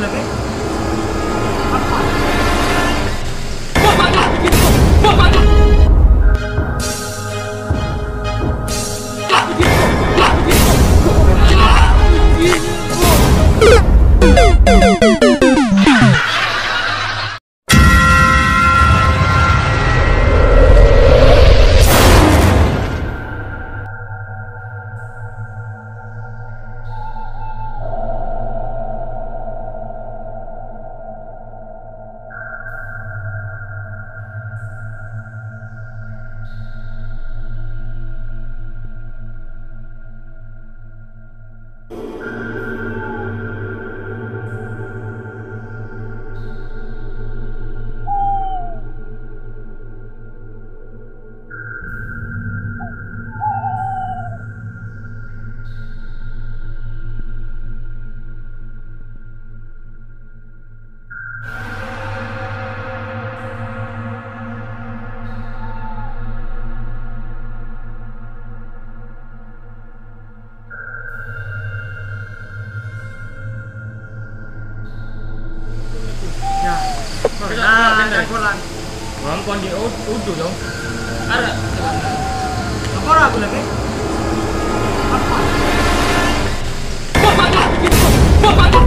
খুলবে ada kolan. Bang kondi dong. Ada. Apa aku lagi? Bapak. Bapak. Bapak.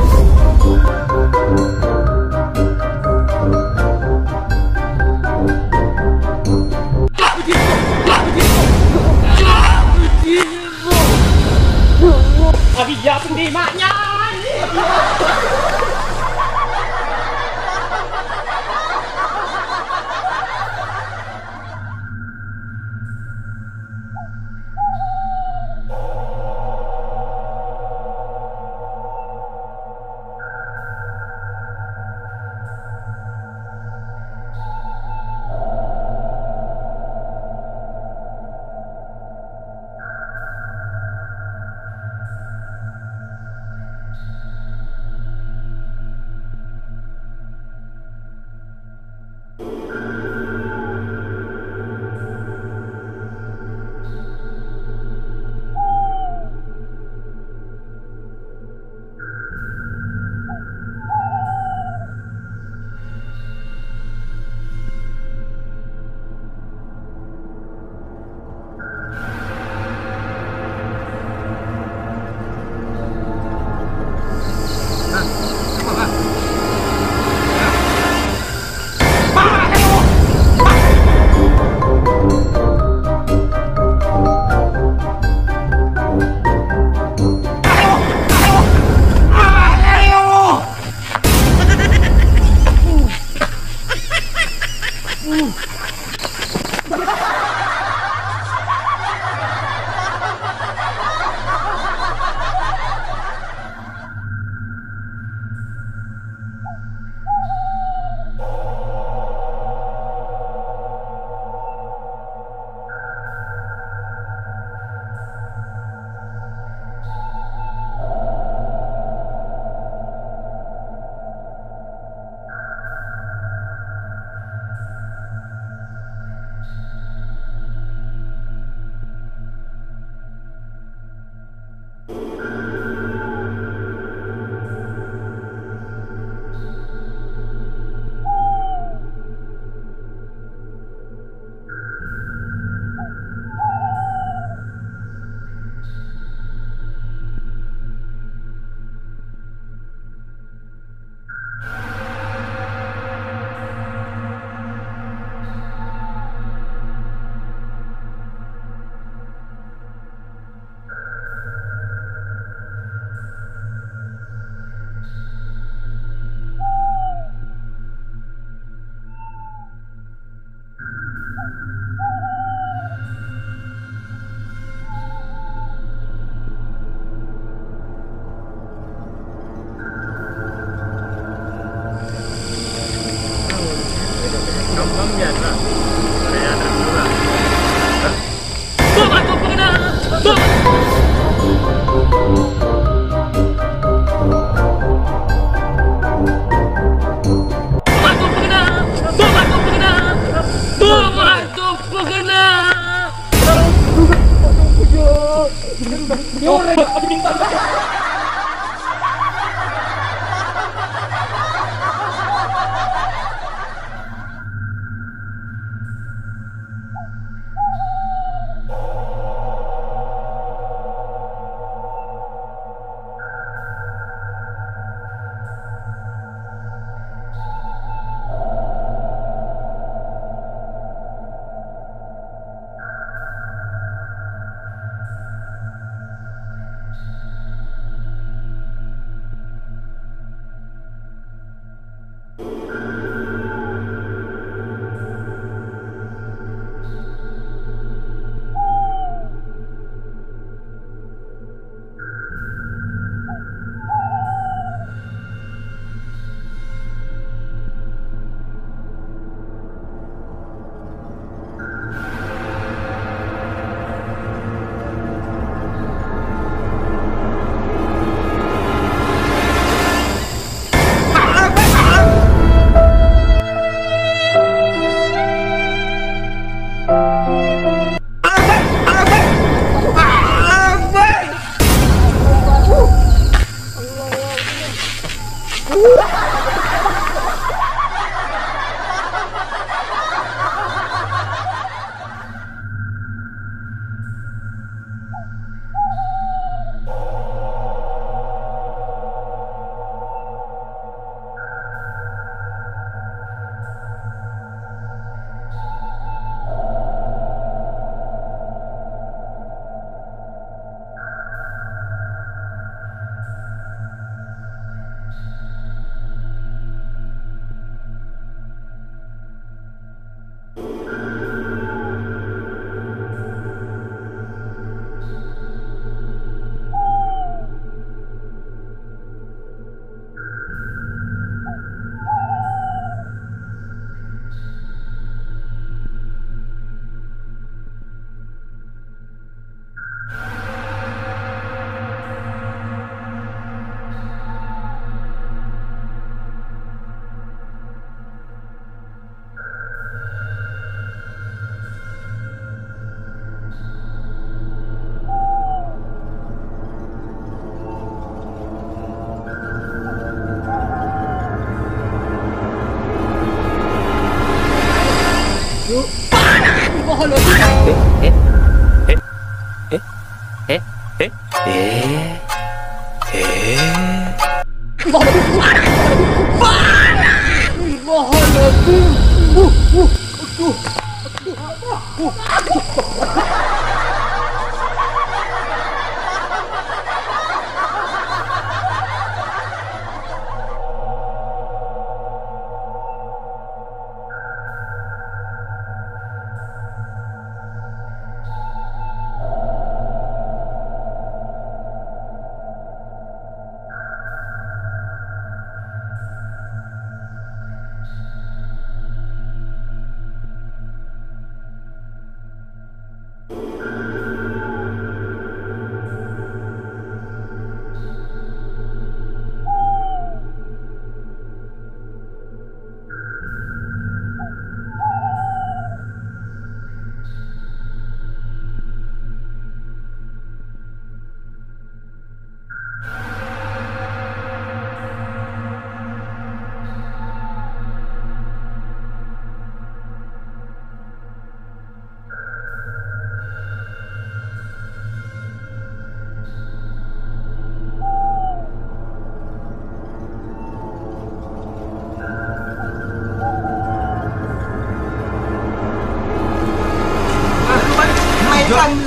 Woo! Oh,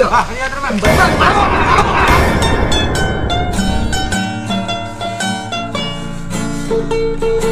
ya? Thank you.